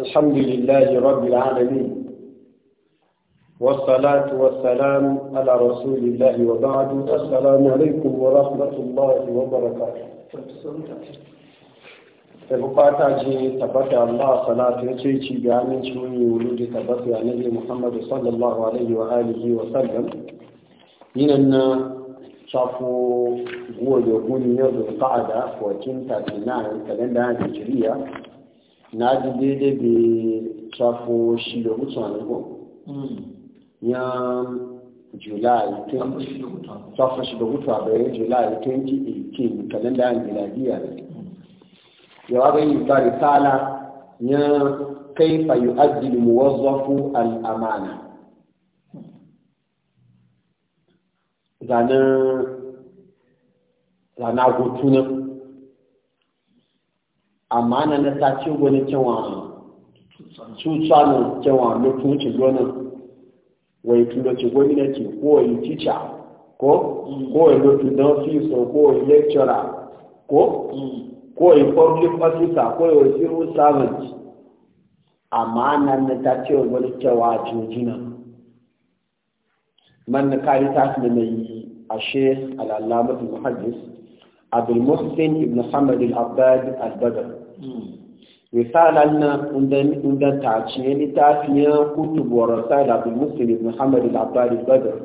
الحمد لله رب العالمين والصلاة والسلام على رسول الله وبعد السلام عليكم ورحمة الله وبركاته أبو قاتا تبقى الله صلاة رجي بعمل شوي ولود تبقى النبي محمد صلى الله عليه وآله وسلم من أن شافوا هو يقول يوم القعدة وكنت في نهاية الكلام الهجرية na ji daidai bai shafo shi da mutu a nago hmm. ya july 20 shafo shi da mutu a bayan july 2018 kalenda yan miladiya ne hmm. yawa bai yi ta risala ya kaifa yu'addil muwazzafu al-amana zanen rana hutu amma na na ta ci gwani cewa su ne cewa lokacin wuce gwani wai tunoci gwani na ke kowai ticha ko kowai lokacin don fiso kowai lecturer ko kowai public officer kowai civil servant amma na na ta ci gwani cewa jojina man na kari ta su da mai ashe al'alamatu muhajjis abu musulun ibn samadil abad al-badr risalar nan inda ta ce littafiyar kutubu warasa da abu musulun muhammad labari badar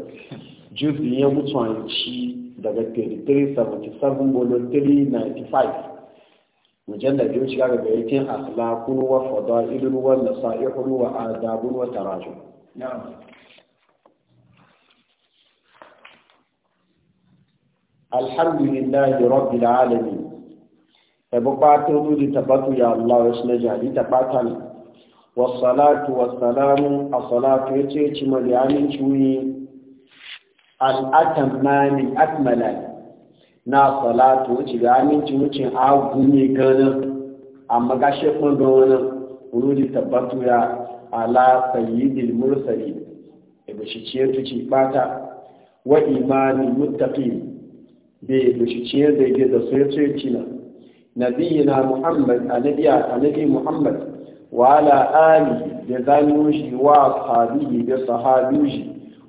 juzi ya mutuwanci daga 3377 bolo 395 mujallar biyu shiga ga gaitin akhlaqun wa fada'ilun wa nasaihun wa adabun wa tarajum alhamdulillahi rabbil alamin ebukpata oludi tabatu ya Allah wasu na jari tabata ne wasalatu wasalamu a salatu ya ce ci mali aminci ne al'atamani atmalai na salatu ya wuce ga aminci wucin agu ne a amma ga shekun ga wani oludi tabatu ya ala sayyidil mursali ebe shi ce tuci bata wa imani muttaqin be shi ce da ke da ya ce cinan نبينا محمد النبي النبي محمد وعلى آله بذنوش وأصحابه بصحابوش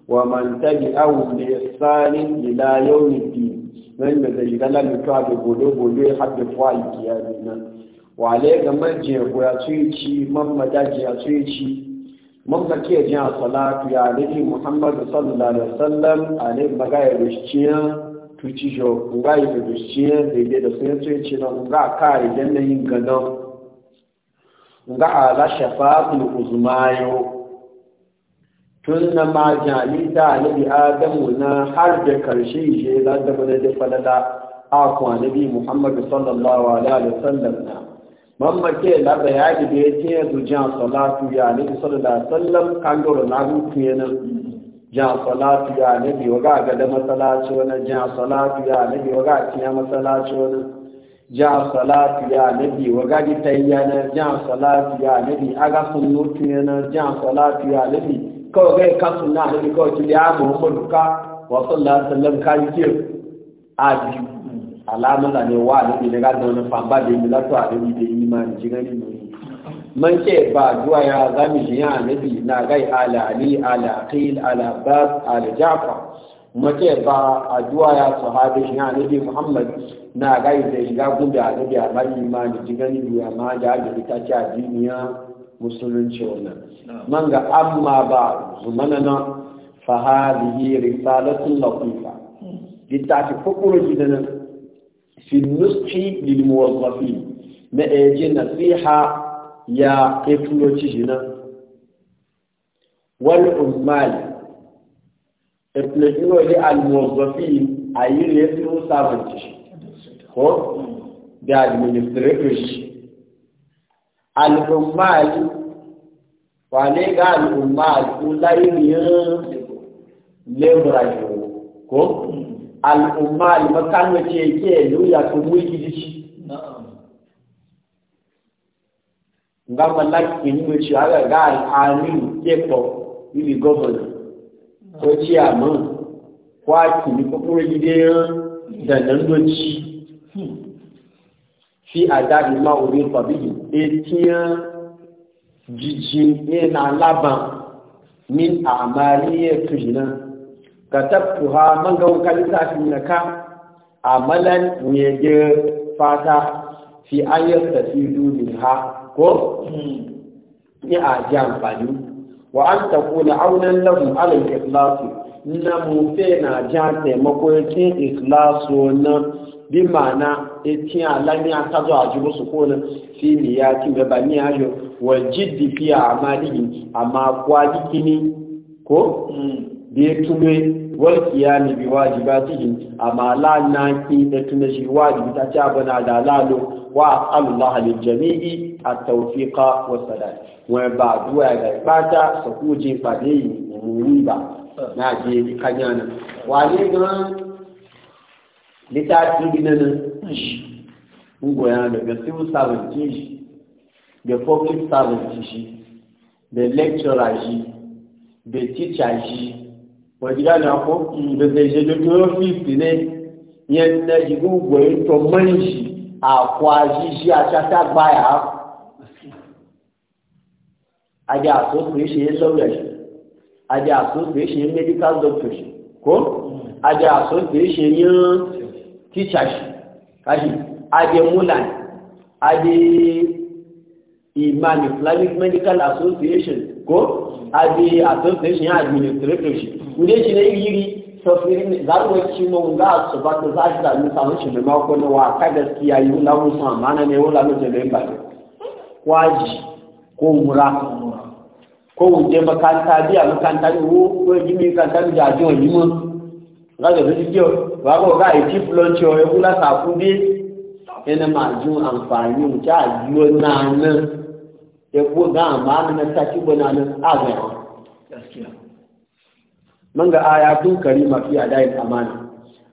ومن تبعهم بإحسان إلى يوم الدين من مزيد لم يكاد قلوب لي حد فايك يا دينا وعليك من جيه ويأتيتي من مدى يأتيتي من مكي جيه صلاة يا نبي محمد صلى الله عليه وسلم عليه مغاية رشتيان tucijo nga yi duduciye daidai da sun yato ce na nga kare yin gado, nga ala shafafin uzumayo tun na ma jami da nabi adamu na har da karshe je da da bane da falala a ku nabi muhammadu sallallahu alaihi sallam na mamma ke la bayani da ya yanzu jan salatu ya nabi sallallahu alaihi sallam kan dora na rufu yana jan salatu ya nabi wa ga gada masallaci wani jan salatu ya nabi wa ga tiya masallaci wani jan salatu ya nabi wa ga di tayya na jan salatu ya nabi aga sunnutu na jan salatu ya nabi kawai ga ka sunna nabi kawai ki ya muhammadu ka wa sallallahu sallam ka yi ke abi alamun da ne wa nabi daga da wani famba da yi milatu a nabi da imani ji ne man ce ba duwa ya zami shi ya nabi na gai ala ali ala qil ala bas ala ja'far mace ba a duwa ya sahabi shi ya nabi muhammad na gai da shiga gunda a nabi a bari ma da jigani duya ma da ake ta ce a duniya musulunci wannan man ga amma ba zumana na fahadihi risalatun latifa hmm. littafi kokoro gidanan fi nuski lil muwazzafin na eje nasiha ya etuloci jina wal ummal etuloci wani almozzafi a yi ne fi sabanci ko da administrator shi al'ummal wane ga ne ulayin lebura ko al'ummal makamace ke yi ya kuma wiki jiki nga malaki ni mo ci ala ga ani kepo ni governor ko ci amu kwa ki ni ko ko ji de da nan do ci hmm. fi adadi ma o bi ko bi etia jiji e na laban min amaliye tujina ha man ga kalisa fi ka amalan ne ge fata fi ayat tafidu ha. ko ni a ji amfani wa an ta kuna aunan lamu alal ikhlasu na mu fe na ja taimako yakin islasu na bi ma'ana yakin alani a ta zo a ji musu kona fi ni ya ci gaba ni ya yi wa jiddi fi a amalihi amma kwa jikini ko mm. bi ya tume wal qiyami bi wajibatihim amma la na ki da tuna shi wajibi ta ci abana da lalo wa Allah lil jami'i at-tawfiqa wa sadad wa ba duwa ga bata ba fadei muri ba na je kanyana da da wàjíríà náà kó ìdọ̀dẹ̀ ìṣèjọba ọ́fíìsì rẹ̀ yẹn ní ìlú ìwẹ̀ ìtọ̀ mọ́ìsì àpò àṣìṣe àṣàṣà gbáyà ajé association lọ́wọ́ẹ̀ṣẹ̀ ajé association medical doctor kó ajé association yẹn teachers káṣí ajé mulan ajé imam islamic medical association ko abi association ya kuje shi ne iri sofirin za mu ci mu ga su ba ta za shi mu samu shi ma ko na wa ka gaskiya yi la mu san mana ne wala mu jere ba kwaji ko mura ko wuje makanta biya makanta ni wo ko jimi kan tan ja jo yi mu ga da su kiyo ba ko ga yi chief lunch e kula sa ku bi ina ma ju amfani mu ta yi na nan ya ko ga amma na saki bana nan azai gaskiya mun ga tun karima fi adai amana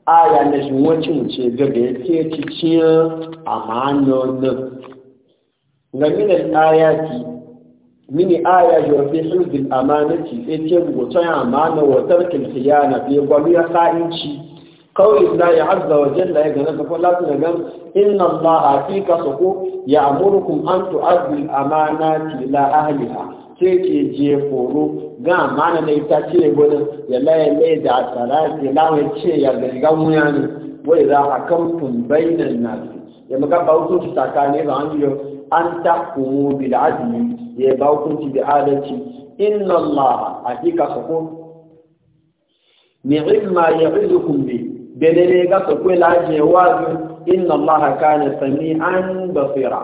aya na shi wancin ce ga ya ci cikin amana nan ga aya ki mini aya yo fi hudul amanati sai ce go tsaya amana wa tarkin siyana bi gwamiya sa'inci Kawai na ya haɗa wajen da ya gane ta kwallon su daga inna ba a fi ka ku? ya amuru kun an to azi amana tila ahaliha ce ke je horo ga amana na ita ce gudu ya laye mai da tsara ke lawai ce ya gariga muya ne wai za a kamfin bainan na su ya muka bautu su tsakani ba an an ta kuma bil'adi ya yi bautu adalci inna ba a fi ka soko ni'imma ya'idukum bihi bene ne ga su kwe na wazi inna allaha kana sami'an basira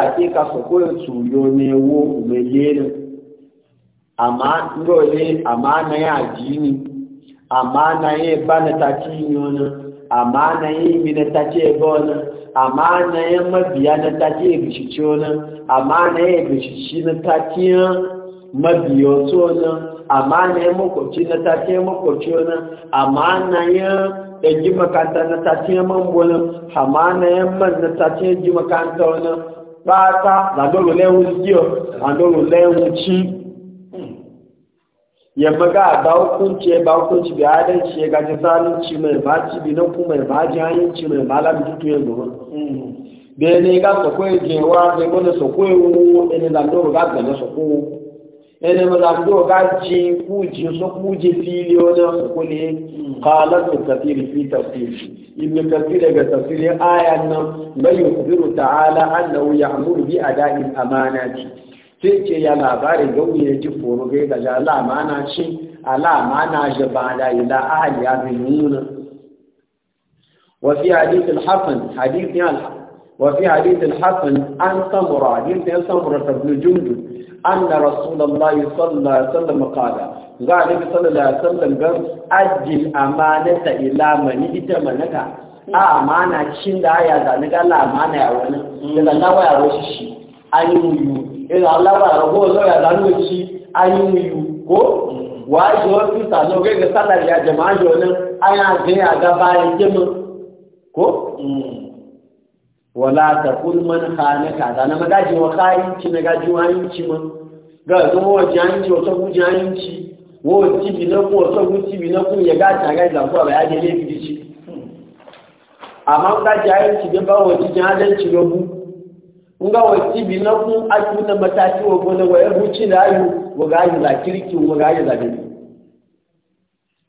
a ke ka su kwe tsuyo ne wo umeyeni amma na ya jini amma na ya bana ta cinyona amma na yi mi na ta na ya mabiya na ta mabiyoto nan amana ya makwabci na tafiye makwabci nan amana yi ɗanji makanta na tafiye mambo nan amana ya man na tafiye ji makanta nan ɓata zandoro lẹ́wọ̀n jiyo zandoro lẹ́wọ̀n ci yamma ga ba hukunci ba hukunci bi adalci ya gaji zalunci mai baci bi na kuma mai baji hanyar mai malam tutu ya gaba bẹ́ẹ̀ ni ga sọ̀kọ́ ìjìnwá bẹ́ẹ̀ mọ́ni sọ̀kọ́ ìwúwo ẹni làndọ́rọ̀ gàgbẹ̀lẹ́ sọ̀kọ́ ìwúwo sai da maza ku ga ji kuji su kuji filiyonin ku ne qalat kathir fi tafsir ibn kathir daga tafsirin ayan nan bai yukhbiru ta'ala annahu ya'muru bi ada'i amanati sai ce ya labarin gauni ya ji foro gai da la amana shi ala amana shi ba da ila ahli ya bi nuna wa fi hadith al-hasan hadith ya وفي حديث الحسن عن سمرة حديث سمرة بن جند أن رسول الله صلى الله عليه وسلم قال قال النبي صلى الله عليه وسلم قال أجل أمانة إلى من يتمنك أمانة شين يا ذلك لا أمانة يا وانا إذا الله يا وشي أيوه إذا لا يا ربو الله يا ذلك أيوه ko wa yi wa fi sanu ga salar ya jama'a yonin ana ga ya gaba ya jima ko wala ta kulman hanaka da na magaji wa kayinci na gaji wa yinci ma ga zama wa jihanci wata ku jihanci wa tibi na ku wata ku tibi na ku ya gata ga da ku ba ya je laifi dici amma ga da ba wa jihanci ga bu nga a tibi na ku a tuna mataki wa gona wa ya buci da ayu wa ga ayu za kirki wa ga ayu za dai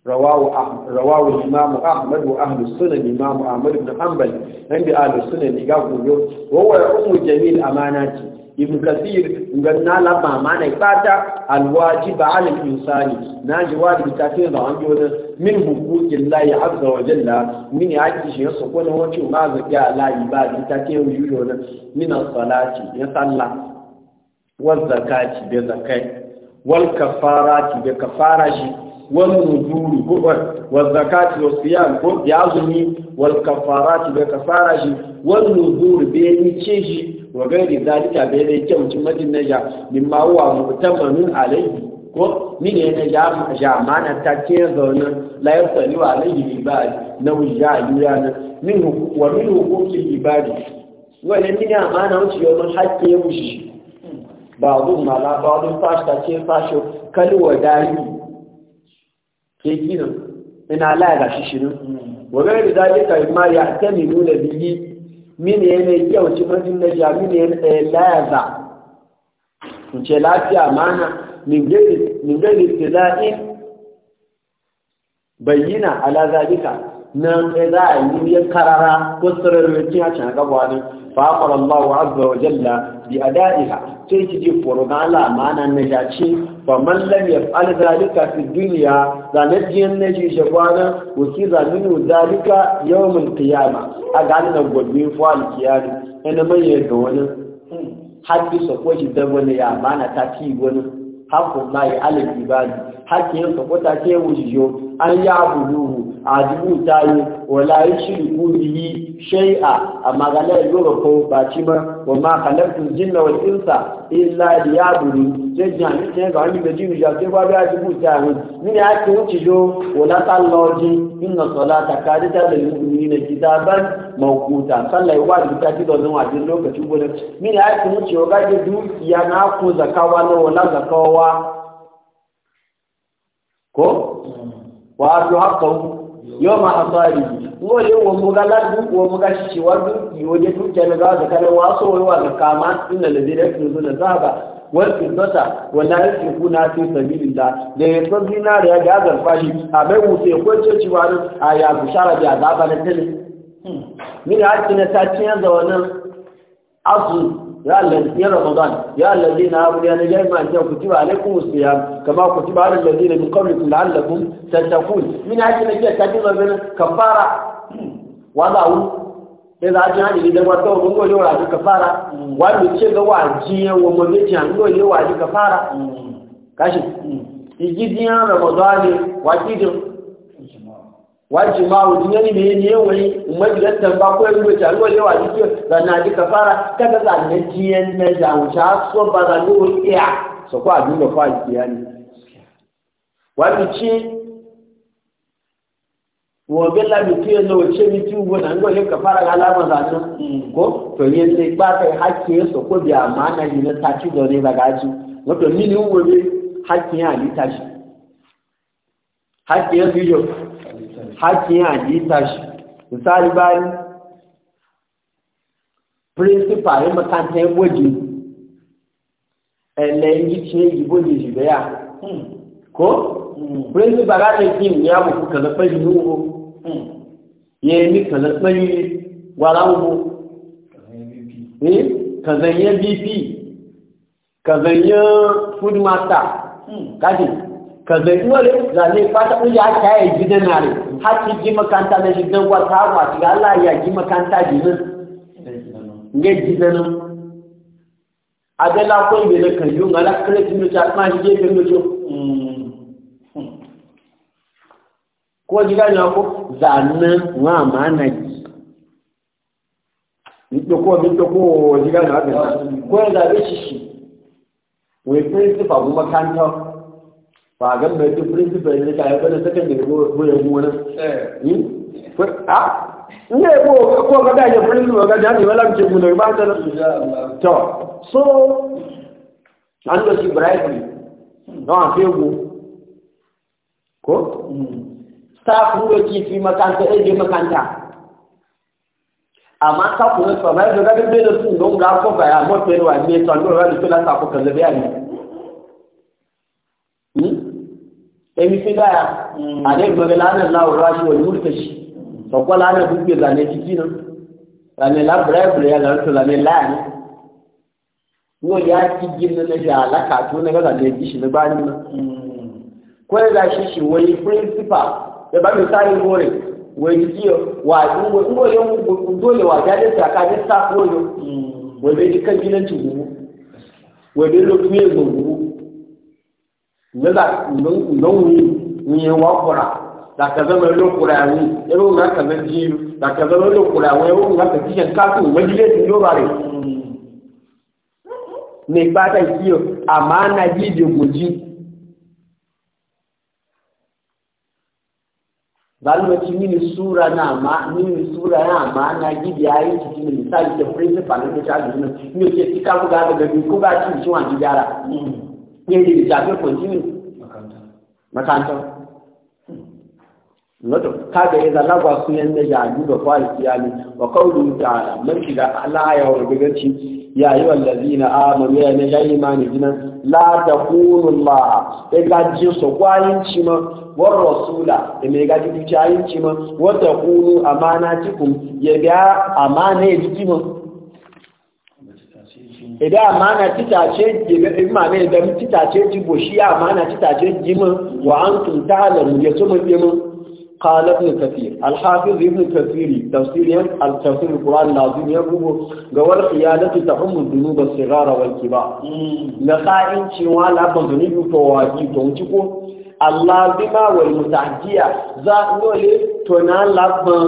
rawawu imamu ahmad wa ahlu sunan imamu ahmad ibn hanbal nan bi ahlu sunan iga kuyo wa wa ummu jamil amanati ibn kathir nganna la mama na ibata alwajiba ala insani naji wajibi ta tin da wanjo da min hukukin lahi azza wa jalla min yaki shi yaso ko na wace ma zakiya la ibadi ta tin yuyo na min salati ya salla wa zakati bi zakai wal kafarati wani nuduru ko wa zakati wa siyam ko bi azumi wal kafarati bi kafara shi wal nuduru bi ni ce shi wa gairi zalika bi dai kyaucin madinaja mimma huwa min alayhi ko ni ne na ya mana ta ke zaune la yasali wa alayhi ibadi na wuya yana min wa min hukuki ibadi wani ni ga na wuce yau hakkin wuce ba zuwa ma la ba zuwa sashi ta ce sashi kalwa dari ke gina ina laya ga shi shirin wa ga da zalika ma ya mi nuna biyi mini yana kyauci mazin na ja mini yana eh, laya za in ce lafiya mana min gari tilai bayyana ala zalika nan za a yi karara ko tsirarrakin a can ne فأمر الله عز وجل بأدائها تيجي فرغالا معنى النجاتي فمن لم يفعل ذلك في الدنيا زانتي النجي شبانا وكذا منه ذلك يوم القيامة أقالنا قدوين فعل كياني أنا ما يدون حتى سقوش دوانا يا معنى تاتي حق الله على العباد حتى ينصف وتاتي وجيو أن يعبدوه ta yi wala yushriku bihi shay'a amma ga la yoro ko ba ci ma wa ma khalaqtu jinna wal insa illa liya'budu je jan je ga ni be jinu ja ke ba ba ajibu tayi ni ne ake wuce jo wala ta loji inna salata kadita lil mu'minina kitaban mawquta sallai wa da ta kido zan wajin lokacin gudan ni ne ake wuce ga je dukiya na ku zakawa na wala zakawa ko wa tu haqqahu yau ma hasari ngo le wo muga ladu wo muga shi wadu de tu jana ga da kana waso wa ga kama inna tu zuna zaba wal fiddata wala yusrifuna fi sabilillah da yaso na da ya ga zarfashi abai wuce ko ce ci wani aya bushara da ba na tele min hakki na ta ciyan da wannan azu ya allazi ya ramadan ya allazi na abu ya nijar ma ce ku ci ba ne ku musu ya kama ku ci ba da allazi ne min kawai kula allakun tattakun min haji na kiyar tafi zarbin kafara wa za a wuce da ajiyar da gidan wata wani gole wa ji kafara wa mai ce ga wa ji wa mai ce an gole wa ji kafara kashi igidiyan ramadan ne wa waji ma wujin yani me ne wai don tamba ko yanzu ta ruwa yawa jike da na dika fara kaga za ne jiyan na jawuta so ba za ne iya so ko abin da fa kiyani wani ci wo bella mi tiye no che mi tu go na ngo le ka fara alama za to ko to yen sai ba kai hakke so ko bi amana ni na ta ci dole ba gaji wato mini wo be hakke ya ni ta shi hakke ya biyo haƙƙin hadita shi misali bayan principal ya makanta ya gwaji ẹ̀lẹ́ yìí ṣe ìbò lè ṣùgbẹ́ yà kó principal láti kí ní àbùkù kànlẹ̀ pẹ̀lú lówó yẹ ní kànlẹ̀ pẹ̀lú wàrà owó bp kànlẹ̀ yẹ food ka zai wale zane fata uja ta yi e gidan nare har ji makanta na gidan wata ma ki Allah ya ji makanta gidan ne gidan adela ko ibe na kan yun ala ta ma ji je pe mojo ko ji ga na ko zane wa ma na ji ni to ko ni to ko ji ga na ko da shi shi principal makanta ba fagan mai duk principal ne kayan da sakan da ko ya gona eh hmm? a ne ko ko ga da ya principal ga da ne wala ce mun ba ta to so an da shi bribery no a hmm. fi go ko staff ruwa ki fi makanta eh je makanta amma ka kuma so mai da ga da su don ga ko ba ya mo pe wa ne to an do wa da to la ta ko ka da bayani ɗan fi gaya a ne gbogbo lanar lawon rashi wani murta shi sakwa lanar dubbe zane ciki nan zane labirai ya zarta zane laya ne yau ya ci gina na shi alaka to na gaza ne gishi na bani nan ko ya zashi shi wani principal da ba misali gore wani jikiyo wa ɗungo dole wa jajin saka ne sa koyo wani kan gidan wani lokacin gugu nila nonwi nye wakura la kazama lo kura ni ero na kaza ji la kazama lo kura we o na ka kishan ka ti yo bare ne bata kiyo amana ji de mini sura na ma mini sura na ma na ji da yayi ci mini sai principal ne ta ji ne ga da ko ga ci wa ɗaya da littafi continue makaranta wato kaga ya zalaba su yan da jadu da kwaliki ya ne wa kaulu ta'ala man da Allah ya wargaci ya yi wallazina amanu ya ne ga imani jinan la takunu Allah ya gaji su kwalinci ma war rasula da mai gaji dukiyayin ci ma wa amana amanatikum ya ga amana ya ji ma idan amana titace gebe in ma ne idan titace ji boshi ya amana titace mun wa an tunta da ruje su mun jimin qala ibn kathir al hafiz ibn kathir tafsirin al tafsir al quran lazim ya rubu ga wal qiyadat ta dunu ba su sigara wal kibar na qa'in ci wa la ban dunub to wa ji to ci ko allah bima wal mutahdiya za nole to na labban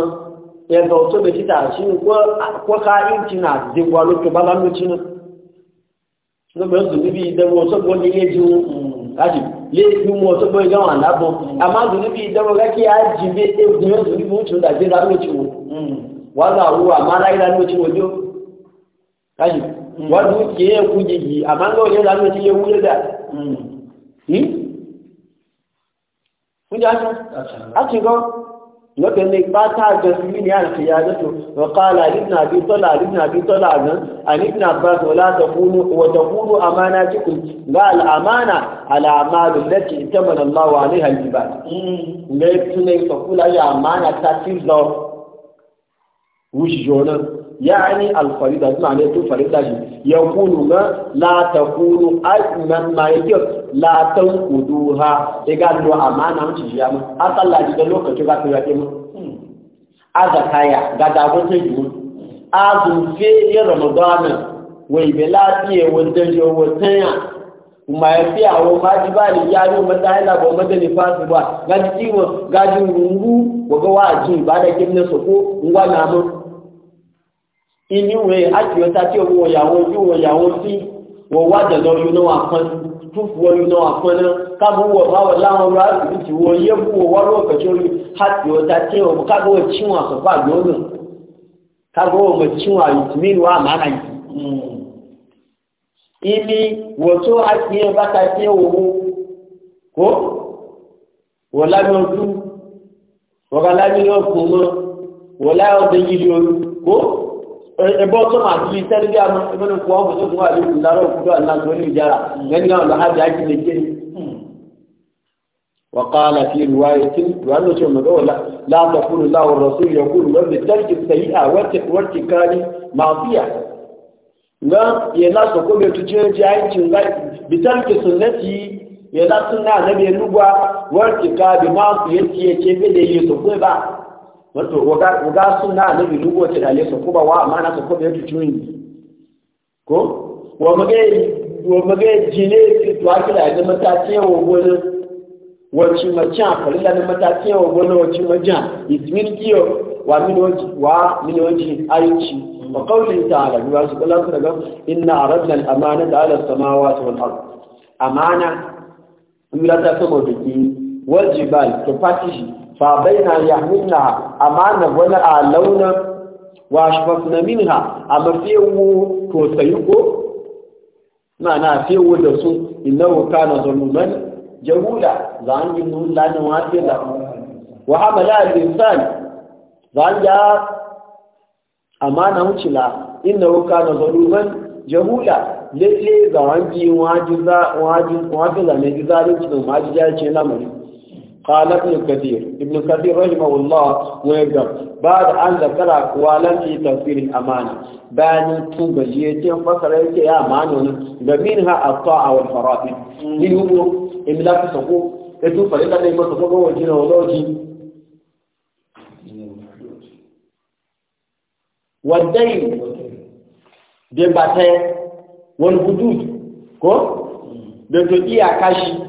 ya da wasu da shi ta shi ko ka'inci na zingwalo ki balanu lọ́gbọ̀n tó níbi ìdẹ́wọ̀ ọ̀sọ́gbọ́n ní ilé ju láti um, lé ju wọn ọ̀sọ́gbọ́n ìgbà wọn àlábọ̀ àmọ́ tó níbi ìdẹ́wọ̀ lẹ́kí àjìnbé egun yóò tó níbi oṣù um, dàgbé um, hmm? lọ́pẹ́ ní bá tààjọ sí ní àti àjọ́tò rọ̀kàlá nínàbí tọ́là nínàbí tọ́là àná àníbìnàbá wọ́dọ̀kúrú àmáná tí kù gáàlá àmáná aláàmàlù lẹ́kì ìtẹ́mọ̀lọ́wà ní hajjiba mẹ́tún يعني الفريضة معنى تو فريضة يقول ما لا تقول أثمن ما يجب لا تنقضوها يقال لو أمانة مش أصلا لا يجب لو كتبا في كتبا هذا كايا قد أقول تجمع أظن في رمضان ويبلاتي وندجو وتنع ma ya fi awon maji ba ni ya yi mata haila ba mata ne fasu ba gaji ciwon gajin rungu wa ga ba da kimna soko ngwa na mun inú rẹ̀ tí ọmọ ìyàwó ojú ìyàwó sí wọ̀ wá jẹ̀lọ yúná túnfù wọ yúná àpọn náà káàbọ̀ báwọ̀ láwọn ọmọ àti wọ yẹ fún wọ wọ́n rí àti tí ọmọ káàbọ̀ tí wọn àsọ̀pá lọ́nà káàbọ̀ ọmọ tí ebe tó máa dị sẹ́ni bí àwọn ẹgbẹ́ni kò wọ́n fòtò fún àlejò lárọ́ òkúdó àlàkùn ní ìjára lẹ́ni na lọ hajj ájì lè jẹ́ na fi ruwáyé tí ruwáyé ló ṣe mọ̀tò wọ̀lá látọ̀ kúrò láwọn rọ̀sùn yọkúrò lọ́dẹ tẹ́lifí ya na kárí máa fíà ŋa yẹla sọ̀kọ́ bẹ tu wato waga suna bi lugo ta dale su kuma wa amana ko kuma yato tuni ko wa mage wa magai jine to akila da matace wa gona wacce mace a farilla da matace wa gona wacce mace ismin kiyo wa minoji wa minoji ayyuci wa qawli ta'ala wa su kula su ga inna aradna al amana ala as-samawati wal ard amana yura ta saboda ki wajibal to fatishi fa baina yahminna amana wala launa wa shafna minha amma fi wu to sayuko na na fi wu da su innahu kana zalman jahula zangi nu la na wa ke da wa hamala al insan zanja amana uchila innahu kana zalman jahula lalle zangi wa jiza wa jiza wa jiza ne jiza ne ma jiza ce na mu قال ابن كثير ابن كثير رحمه الله ويقول بعد أن ذكر أقوالا في تفسير الأمانة بان تبجيتين فصلت يا أمانة ومنها الطاعة والفرائض لهم إملاك سقوم إتو فريقا لما سقوم وجينا ولوجي والدين دين باتين والحدود كو دين تقيا كاشي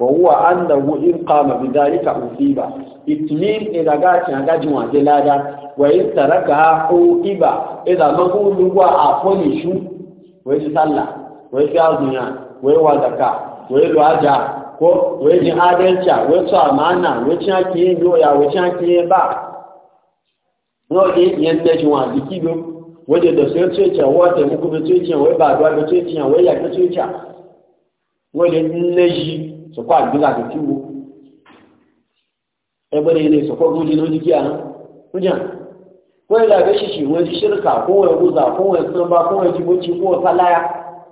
وهو أنه إن قام بذلك أصيب إتميم إذا قالت نجاج وزلادة وإن تركها أوئب إذا ما قول هو أفنشو ويسلى ويسعزنا ويوزكا ويلواجع ko wai jin adalca wai su amana wai cin ake yin doya wai cin ake yin ba wọ́n wayi ìyẹn tẹ́jú wọn àbí a ló wọ́n lè dọ̀ sí ó tíì tíì wọ́n tẹ̀mú kúbi tíì tíì wọ́n bàdúrà sọ̀kọ́ àgbélà tó tí wo ẹgbẹ́ ilé sọ̀kọ́ gbójú ló ní kí àná ó jà wọ́n ilé àgbẹ̀ ṣìṣì wọ́n ti ṣẹ́rìkà kóhùn ẹ̀wúzà kóhùn ẹ̀sánba kóhùn ẹ̀jìbọ́tì kóhùn ọ̀sáláyà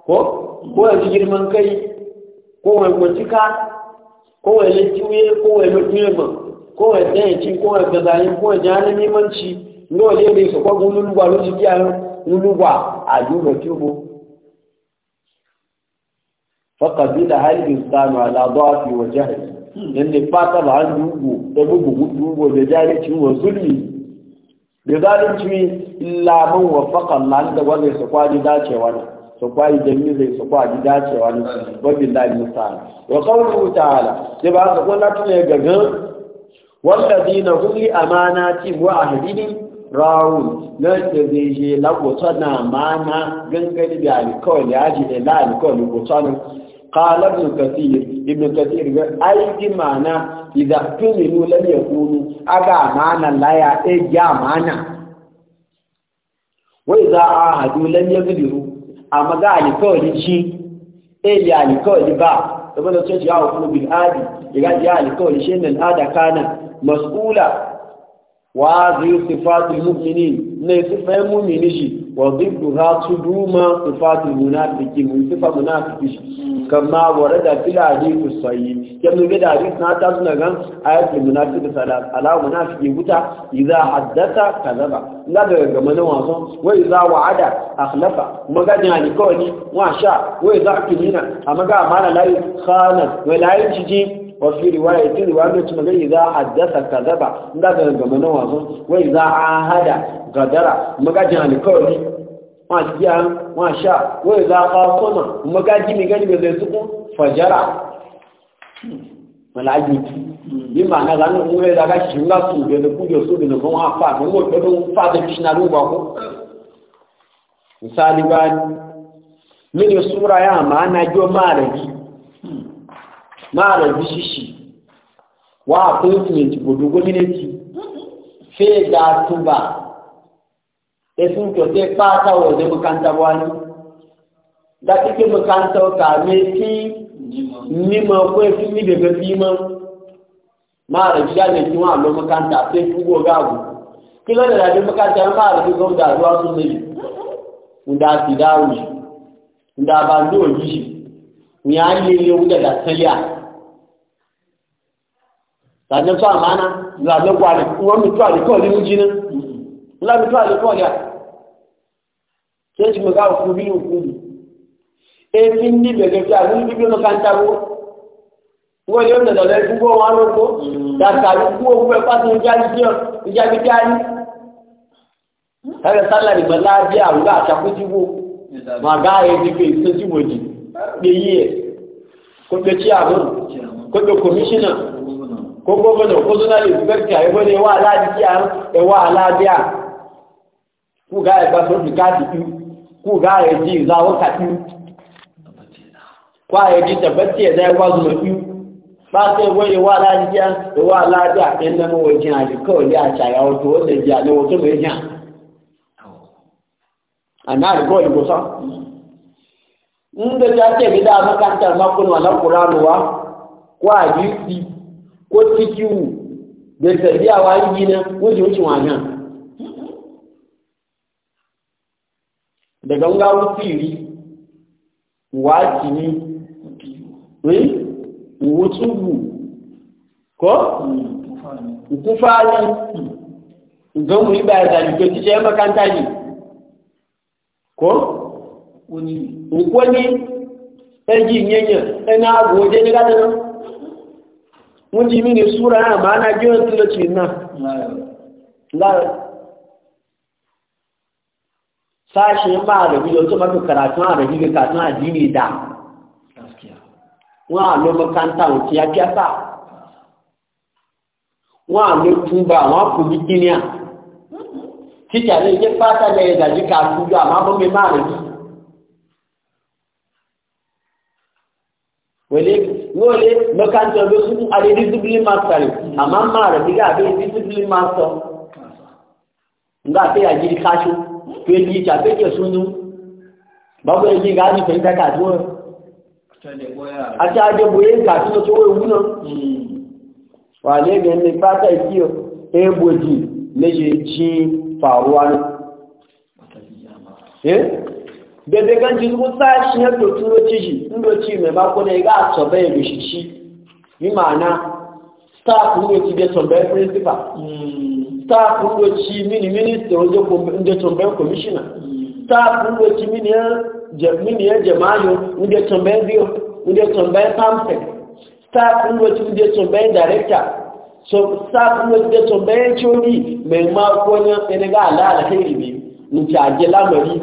kóhùn ẹ̀jìgìrìmọ̀ nkẹ́yì kóhùn ẹ̀gbọ̀ntíká kóhùn فقبل هل الإنسان على ضعفه وجهله لأن فاتل عن يوغو يوغو يوغو بجارته وظلمه da zalunci illa man waffaqa Allah da wanda su kwaji dacewa ne su kwaji jami zai su kwaji dacewa ne wabin da misali wa qawluhu ta'ala sai ba su kula tune gaga zina hum amana amanati wa ahdihim rawun Na ce zai je lagwata na mana gangani da alkawali ya ji da alkawali gutsanin قال ابن كثير ابن كثير قال أي معنى إذا تؤمنوا لن يكونوا أجا معنى لا يأتي معنى وإذا عاهدوا لن يبدروا أما قال لكل شيء إلا لكل بعض فمن تشجعه بالآدي يقال يا لكل شيء الآدى كان مسؤولا Wa وهذه صفات المؤمنين ne sifar mumini shi wa zibdu ha su duma sifatul munafiki mun sifa munafiki shi kama wara da fil hadithu sahih kan ne da hadith na ta suna gan ayatul munafiki salat ala munafiki buta idza haddatha kadaba la daga ga mana waso wa idza wa'ada akhlafa magana ni kawai wa sha wa idza kinina amma ga amana lai khana wa lai jiji وفي رواية رواية تمنى إذا حدث كذبا نقدر نقمنا a وإذا عاهد قدر مقاجي عن الكوري ما تجيها ما شاء وإذا قاصنا مقاجي مقاجي بذيسكم فجرع malagi bí màá náà lánàá mú shi ká ṣì ń bá sùn ìgbẹ́ lókù yóò sóbì nìkan wọn àfà àti wọn ya ma máàrẹ̀ ṣíṣì wá àpéjìmẹ̀tì gbòdó gómìnàtì fẹ́ẹ̀dà túbà ẹ̀sùn tọ̀tẹ́ pátá ọ̀dẹ́ mọ́kántà wá ní dákíkẹ́ mọ́kántà ọ̀kà mẹ́tí mímọ̀ fún ẹ̀sùn ní bẹ̀bẹ̀ bí mọ́ máàrẹ̀ ṣíṣàlẹ̀ ga wọ́n àlọ́ mọ́kántà fẹ́ fúgbọ́ gáàbù kí lọ́dẹ̀ dàbí mọ́kántà máàrẹ̀ tó su lọ́wọ́ sannan su amana zanen kwari wọn mutu alikọọli ń jiná ńlá mutu alikọọli à ṣe ṣe mọ̀ká òkú bí òkú bí ebi ní bẹ̀rẹ̀ fi àwọn ibi bí ọ̀nà kantawo wọ́n yóò nà o gbogbo wọn lóko dàtà gbogbo owó ẹ̀ pàtó ìjáde jẹ́ àní ẹ̀rẹ̀ sálà ìgbà láàbí àwùrọ̀ àṣàkójúwò màgá ebi fi ìṣẹ́jú wòjì gbé yí ẹ̀ kó gbé chairman kó gbé commissioner ko gómìnà kó tó náà lè fi bẹ́ẹ̀ kí àyẹ̀wò ni ẹwà aláàbí kí ẹwà aláàbí à kú gá ẹ̀gbá sófì káàdì kú kú gá ẹ̀jì ìzáwó kàkú kó àyẹ̀jì tẹ̀fẹ́tì ẹ̀dá ẹwà zùmọ̀ kú ẹwà kí ẹwà wọ̀ ọ̀tọ̀ ó lè lè àná a tẹ̀lé ko tikiwu da wa yi gina wajen wucin wajen daga ngawun fili waki ni eh, wutubu ko? kufani don mu yi baya ko cikin ce makanta ne ko? wani ɗarki yanyan ɗana abu wajen gada nan wọ́n jí mí ní súra náà máa náà jẹ́ òtún ló ti náà lára sáṣe máa rẹ̀ bílọ tó mọ́tò kàràtún àrẹ̀ bílọ kàtún àdínì ìdá wọ́n à lọ́mọ káńtà ò kí ákíátà wọ́n à túnbà wọ́n kò bí kí ní à títà lè jẹ́ pátá lẹ́yìn ìdájí ká àkújọ àmọ́ máa rẹ̀ bí wọ́n mẹ́kántì ọ̀bẹ sùkú adé discipline master rẹ̀ àmọ́ máa rẹ̀ bí káàbẹ̀ discipline master nga pé àjírí káṣú pé ní ìjà pé jẹ̀ súnú bàbá ẹ̀jì gáàdì fẹ̀yìntà kàdúrà àti àjẹbòye kàtí ló tó wéwu náà wà lẹ́gbẹ̀ẹ́ ní pátá ìdí ọ̀ ẹ̀bùdì méje jí fàrúwa náà bebe ganci kusa shi ya dotu roci shi ndoci mai bako ne ga shi ya na yi ma'ana staff ndoci da tambayar principal staff ndoci mini minister da tambayar commissioner staff mini ya jamayo da tambayar biyo da tambayar pamphlet staff ndoci da tambayar director so staff mai ga ala nke ajiye lamari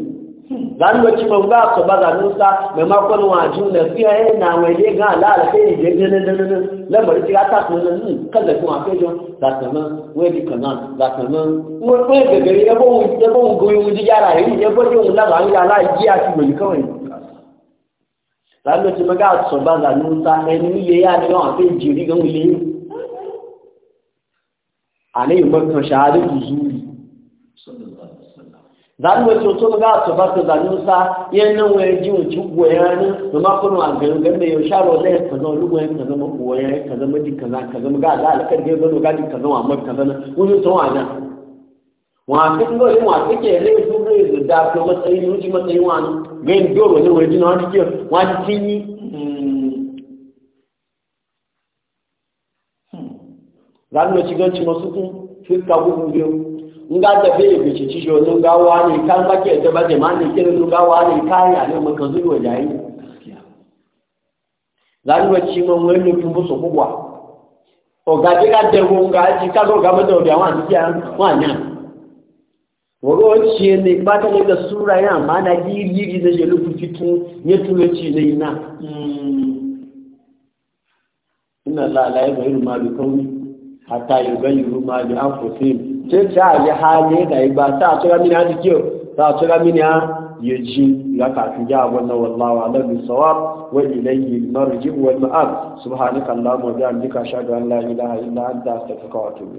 zanu ci ban ba su ba zanu sa mai makon waju na fiye yi na ne ga alala sai ne jirgin nan nan lamar ci ya tasu e nan nan kan da kuma kai jon za ka nan wele ka nan za ka nan wani wani ya bon ya bon goyi wuji yara yi ya bon yin laba an yala ji a ci mai kawai zanu ci maga su ba zanu sa ɗan e yi ya ne yawan sai jiri ga wule yi a ne yi makon shahadar zuri sallallahu zanu wa coto ga su ba su zanu sa yan nan wa ji wa ci goya ne kuma kuma an ga ga me yau sharo zai ka zo lugo yan ka zama goya ka zama din kaza ka zama ga da alƙar ga zo ga din ka zama amma ka zama wani to wannan wa kin go yin wa kike ne su ne da da ko matsayi ne ji matsayi wa ga yin doro ne wani ji na wani ke wa ji tinyi hmm. hmm. zanu ci ganci masu kun fi ka bugu biyu nga tafiye da bici ci shonin gawa ne kan bake ta ba ta mani ke su gawa ne kayan a nan maka zuwa jayi zanuwa ci man musu kugwa o ga ji ka dago ga ji ka zo ga mata obi awon ti an wa nya woro ci ne ba ta sura ya ma na ji iri da je lufu fitu ne tulo ci ne ina hmm. inna la la ya ma hatta yughayyiru ma bi anfusihim ce ta yi hali da ba ta tura mini hadi kiyo ta tura mini ya ji ya kafin ya wannan wallawa ala bi sawab wa ilayhi marji wal ma'ab subhanakallahumma wa bihamdika ashhadu an la ilaha illa anta astaghfiruka wa atubu